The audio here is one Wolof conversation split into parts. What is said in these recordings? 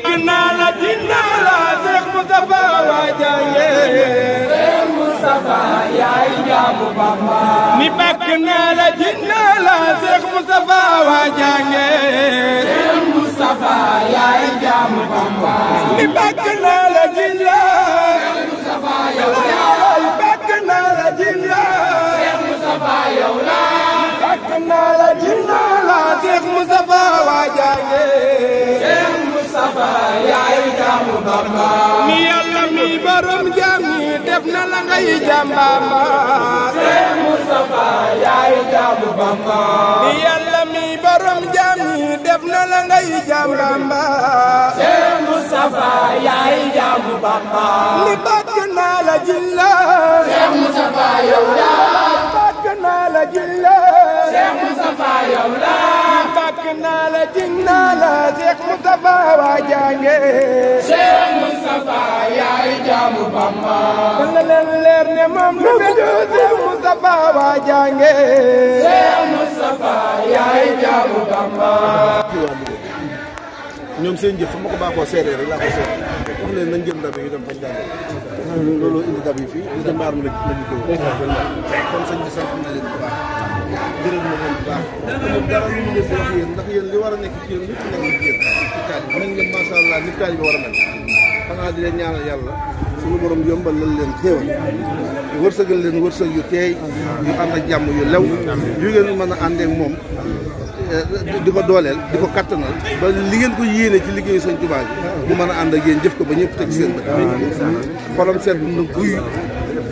takk naa la dinaa la Seex Mustafa waajaye Seex Mustafa yaay jaamu Bamba ni bakk naa la dinaa ni yàlla mi borom jaam ñi def na la ngay jàmbaama. Seydou Moustapha yaay jaamu Bamba. ni yàlla mi borom jaam ñi def na la ngay jàmbaama. Seydou Moustapha yaay jaamu Bamba. ni bàkk naa la jilla. Seydou Moustapha yow laa. bàkk naa la jilla. Seydou Moustapha yow laa. fàkk naa la jig naa la Cheikh Moustapha waa jànge Cheikh Moustapha yaay jaamu Bamba dana leer ne moom lu medu Cheikh Moustapha waa jànge Cheikh Moustapha yaay jaamu Bamba ñoom seen jëf ma ko baaxoo seeree laa ko seet wax leen nañ jëm dab yi dem fañ jàng loolu indi dab yi fii ñu dem mbaar mi la ñu ko kon sëñ bi sant na leen bu baax gërëm na leen lu ñu si wax yéen ndax yéen li war a nekk ci yéen lépp nekk ci yéen ci taalibe ngeen macha allah ni taalibe war a mel xanaa di leen ñaanal yàlla suñu borom yombal lan leen xéewal wërsëgal leen wërsëg yu teey yu ànd ak jàmm yu lew yu ngeen mën a àndeek moom eh, di ko dooleel di ko kattanal ba li ngeen ko yéene ci liggéeyu sëñ Tuubaa bi mu mën a ànd ak yéen jëf ko ba ñëpp teg seen bët xolam seet na guy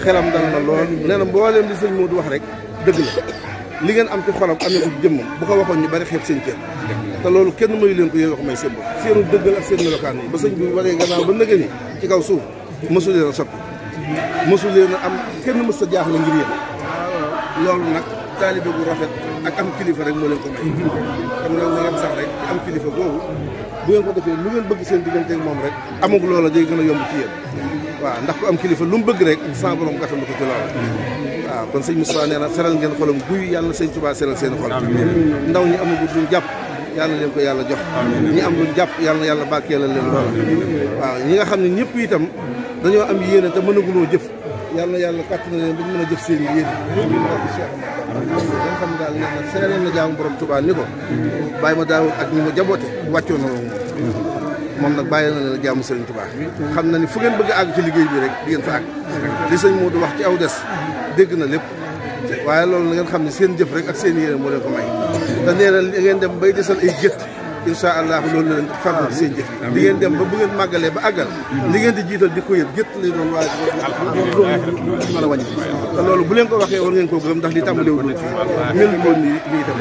xelam dal na lool nee na mbooleem li sëñ Moodu wax rek dëgg li ngeen am ci xolam am na ko jëmmam bu ko waxoon ñu bari xeeb seen cër te loolu kenn mayu leen ko yéen wax may seen bopp seenu dëggal ak seen melokaan yi ba sëñ bi waree gannaaw ba am kenn mës sa jaaxle ngir yéen loolu nag taalibe bu rafet ak am kilifa rek moo leen ko may xam nga na ngeen sax rek am kilifa boobu bu ngeen ko defee lu ngeen bëgg seen diggante moom rek amug loola day gën a yomb ci yéen waaw ndax ku am kilifa lu mu bëgg rek sa borom gàttandu ko ci loolu waaw kon sëñ Moustapha nee na seral ngeen xolam guy yàlla na sëñ Touba seral seen xol ndaw ñi amagu duñ jàpp yàlla leen ko yàlla jox ñi am luñ jàpp yàlla na yàlla barkeelal leen loola waaw ñi nga xam ne ñëpp itam dañoo am yéene te mënaguloo jëf yàlla na yàlla kàttan na leen ba ñu mën a jëf seen yéen daal nee na seereen na jaamu borom Tuubaa ni ko bàyyi ma daawul ak ñu ma jaboote wàccoo na moom moom nag bàyyi na la jaamu Serigne Touba xam na ni fu ngeen bëgg a àgg ci liggéey bi rek di ngeen fa àgg li sëñ Modou wax ci aw des dégg na lépp waaye loolu na ngeen xam ne seen jëf rek ak seen yéene moo leen ko may te nee na ngeen dem bay desal ay gétt incha allah loolu leen fàggu seen jëf di ngeen dem ba bu ngeen màggalee ba agal li ngeen di jital di ko yëg gétt li doon waaye mala wañu a wàññi te loolu bu len ko waxee war ngeen ko gëm ndax li tam woon ni mel ko ni li tam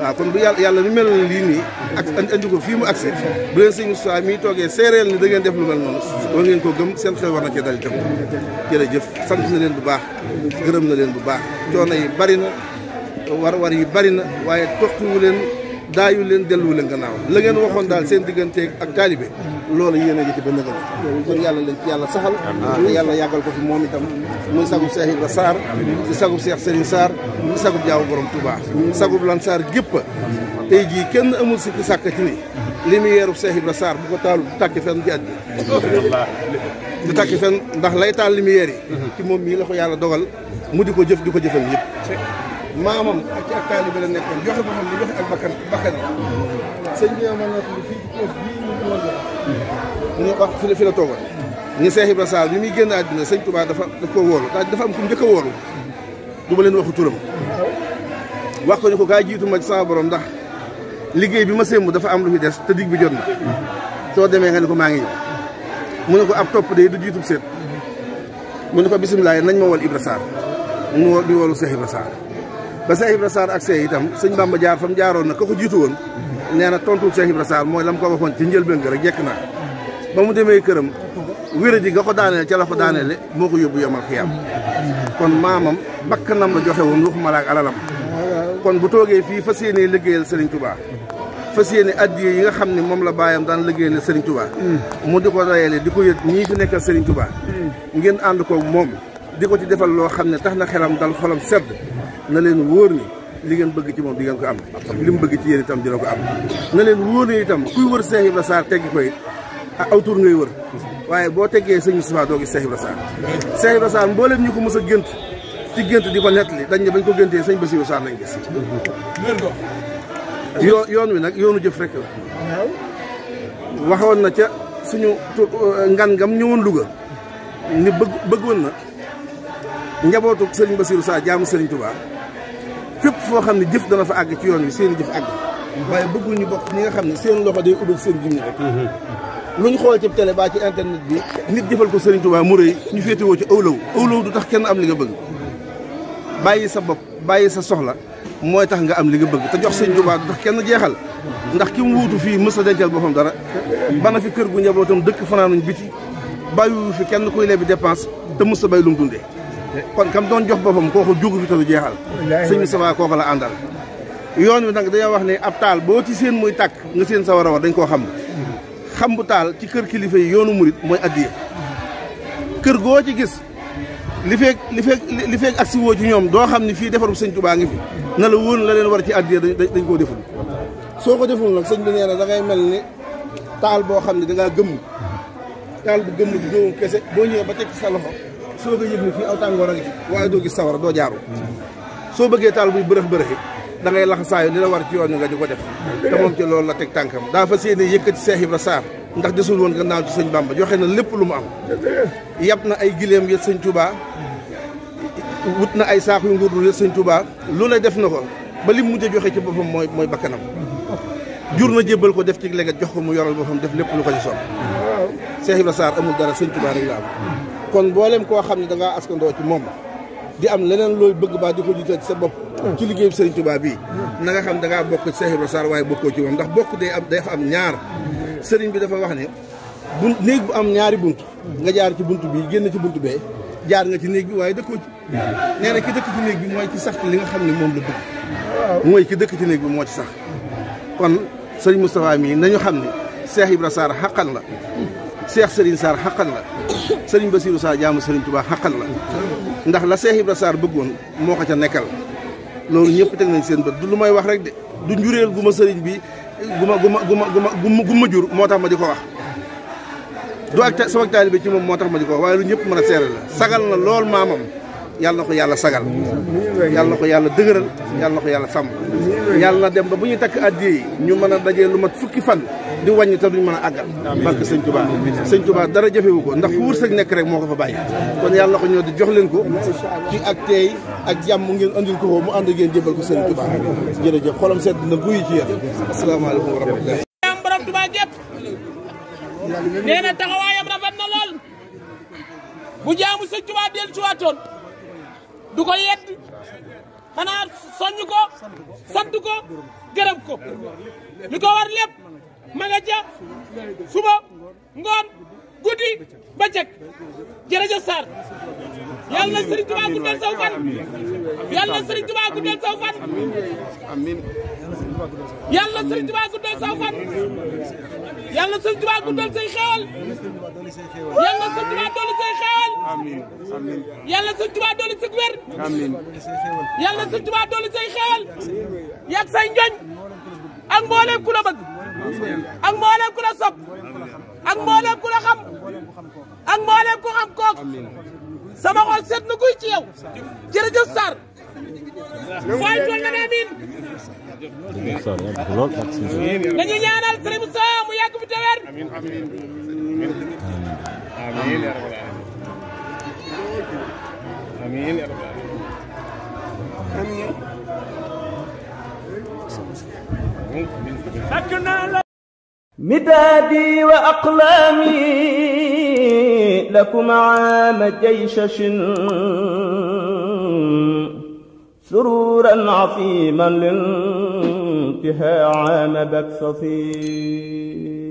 wa kon bu yalla yalla ni mel li ni ak andi ko fi mu accès bu len seigne Moussa mi toogee séeréel ni da ngeen def lu mel non war ngeen ko gëm seen xel war na ci dal itam jërëjëf sant na len bu baax gëreem na len bu baax coono yi bari na war war yi bari na waye waaye wu len daayu leen dellu leen gannaaw la ngeen waxoon daal seen digganteeg ak taalibe loolu yéen a ngi ci ba nëgën kon yàlla leen ci yàlla saxal yàlla yàggal ko fi moom itam muy sagub Seex Ibra Sarr di sagub Seex Serigne saar di sagub jaaw borom Touba sagub lan Sarr gépp tey jii kenn amul si sàkk ci ni li mu yeerub Seex Ibra Sarr bu ko taalu du tàkki fenn ci du tàkki fenn ndax lay taal li mu mm-hmm. ci moom mii la ko yàlla dogal mu di ko jëf di ko jëfal yëpp maamam ak ci ak taalibe la nekkoon joxe ba xam ne joxe bakkan bakkan sëñ bi ma nekk fii ci kër fi la fi la toogoon ñu muy génn àddina sëñ Touba dafa ko wóolu am ku njëkk a leen waxu turam wax ko ni jiitu ma ci sama borom ndax liggéey bi ma sémb dafa am lu fi des te digg bi jot na soo demee nga ne ko maa ngi mu ne ko ab topp day du jiitub seet mu ne ko bisimilah nañ ma wol Ibra Sall mu di wolu Seex Ibra ba Cheikh Ibra Sarr ak Cheikh itam sëñ Bamba jaar fa mu jaaroon na ko ko jiitu woon nee na tontu Cheikh Ibra Sarr mooy la mu ko waxoon ci njëlbéen rek jekk naa ba mu demee këram wéra ji nga ko daaneel ca ko daaneele moo ko yóbbu yomal xiyaam kon maamam bakkanam la joxe woon luxu malaak alalam kon bu toogee fii fas yéenee liggéeyal Serigne Touba fas yéene addiye yi nga xam ne moom la baayam daan liggéeyal Serigne Touba mu di ko rayale di ko yët ñii fi nekkal Serigne tuba ngeen ànd ko moom di ko ci defal loo xam ne tax na xelam dal xolam sedd na len woor ni li ngeen bëgg ci mom di ngeen ko am li mu bëgg ci yéen itam la ko am na len woor ni itam kuy wër Cheikh ibrahima sar tegg ko it autour ah, ngay wër waye bo teggé seigne Moustapha do gi Cheikh ibrahima sar Cheikh ibrahima sar mboolem ñu ko mës ci gënt di ko nettali dañ ne bañ ko gënté seigne Bassirou sar lañ gis yo yoon wi nag yoonu jëf rek la waxoon na ca suñu euh, ngan ngam ñëwoon Louga ni bëgg bëggoon na njabootu serigne Bassirou sa jaamu serigne Touba fépp foo xam ne jëf dana fa àgg ci yoon yi seeni jëf àgg waaye bëggul ñu bokk ñi nga xam ne seen loxo day ubbi seen jumñi mm-hmm. lu ñu xool ci télé ba ci internet bi nit jëfal ko Serigne Touba mu rëy ñu féetewoo ci awlaw awlaw du tax kenn am li nga bëgg bàyyi sa bopp bàyyi sa soxla mooy tax nga am li nga bëgg te jox sëñ Touba du tax kenn jeexal ndax ki wuutu fii mës a dencal boppam dara bana fi kër gu njabootam dëkk fanaanuñ biti bàyyiwu fi kenn kuy lebi dépense te mës a bay lu mu kon kam doon jox boppam kooku jugu fi te du jeexal sëñ Moustapha kooku la àndal yoon wi nag dañoo wax ne ab taal boo ci séen mooy tàkk nga seen sa war dañ koo xam xam bu taal ci kër kilifa yi yoonu murit mooy addiya kër goo ci gis li feeg li li feeg ak si woo ci ñoom doo xam ne fii defaru sëñ baa ngi fi na la wóor la war ci addiya dañ koo deful soo ko deful nag sëñ bi nee na da mel ni taal boo xam ne dangaa ngaa gëmm taal bu gëmm bi gëmum kese boo ñëwee ba teg sa soo ko yëg ni aw tàngoor a ngi fi waaye doo gis sawara doo jaaru soo bëggee taal buy bërëx bërëxi da ngay lax saayu li la war ci yoon nga di ko def te moom ci loolu la teg tànkam daa fa séene yëkkati Seex Ibra Saar ndax desul woon gannaaw ci sëñ Bamba joxe na lépp lu mu am yab na ay gileem yët sëñ Touba wut na ay saaku yu nguur yët sëñ Touba lu ne def na ko ba li mujj joxe ci boppam mooy mooy bakkanam jur na jébbal ko def ci leget jox ko mu yoral boppam def lépp lu ko ci sopp Cheikh Ibrahima Sarr amul dara sëñ Tuubaa rek la am kon koo xam ne da ngaa askandoo ci moom di am leneen looy bëgg baa di ko sa bopp ci liggéeyu sëriñ Tuubaa bii na nga xam da bokk ci Cheikh waaye bokkoo ci moom ndax bokk day am day fa am ñaar sëriñ bi dafa wax ne bu néeg bu am ñaari bunt nga jaar ci bunt bi génn ci bunt bee jaar nga ci néeg bi waaye dëkkoo ci nee ki dëkk ci néeg mooy ci sax li nga xam ne moom la mooy ki dëkk ci néeg moo ci sax kon sëriñ Moustapha mii nañu xam ne Cheikh Ibrahima Sarr xaqan la cheikh serigne sar hakal la serigne basirou sa jamu serigne touba xaqal la ndax la cheikh ibrahim sar bëggoon moko ca nekkal lolou ñepp tek nañ seen bëd du lu may wax rek de du njurel guma serigne bi guma guma guma guma guma jur motax ma di wax ah. du ak sama taalibe ci mom motax ma diko wax waye lu ñepp mëna a la sagal na lool mamam yalla nako yalla sagal yalla nako yalla deugural yalla nako yalla sam yalla dem ba buñu tak addi ñu mëna dajé lu mat fukki fan di wàññi ta duñ mëna agal àggal seigne Touba seigne Touba dara jëfewu ko ndax fuur wërsëg nek rek moko fa bàyyi kon yalla ko ñoo di jox leen ko ci ak tay ak jàmm ngeen andul ko mu and ngeen jëbal ko seigne Touba jëre jëf xolam sét na guuy ci assalamu alaykum wa rahmatulah am borom Touba jëpp nee na taxawaayam rafet na lool bu jaamu sëñ Touba del ci waatoon du ko yedd xana soñu ko sant ko gërëm ko liko war lepp ma nga ja suba ngoon guddi bëccëg jërëjëf Sarr yàlla na Serigne Touba guddal saw fan yàlla na Serigne guddal saw fan yàlla na Serigne guddal saw fan yàlla na Serigne guddal say xewal yàlla na Serigne Touba say xewal yàlla njoñ ak mboolem ku la ak mboolem ku la sopp ak mboolem ku la xam ak sama xol seet na kuy ci yow jërëjëf Sarr waaye tool na ne amiin dañuy mu yàgg fi te مدادي وأقلامي لكم عام جيشش سرورا عظيما لانتهاء عام بكسفين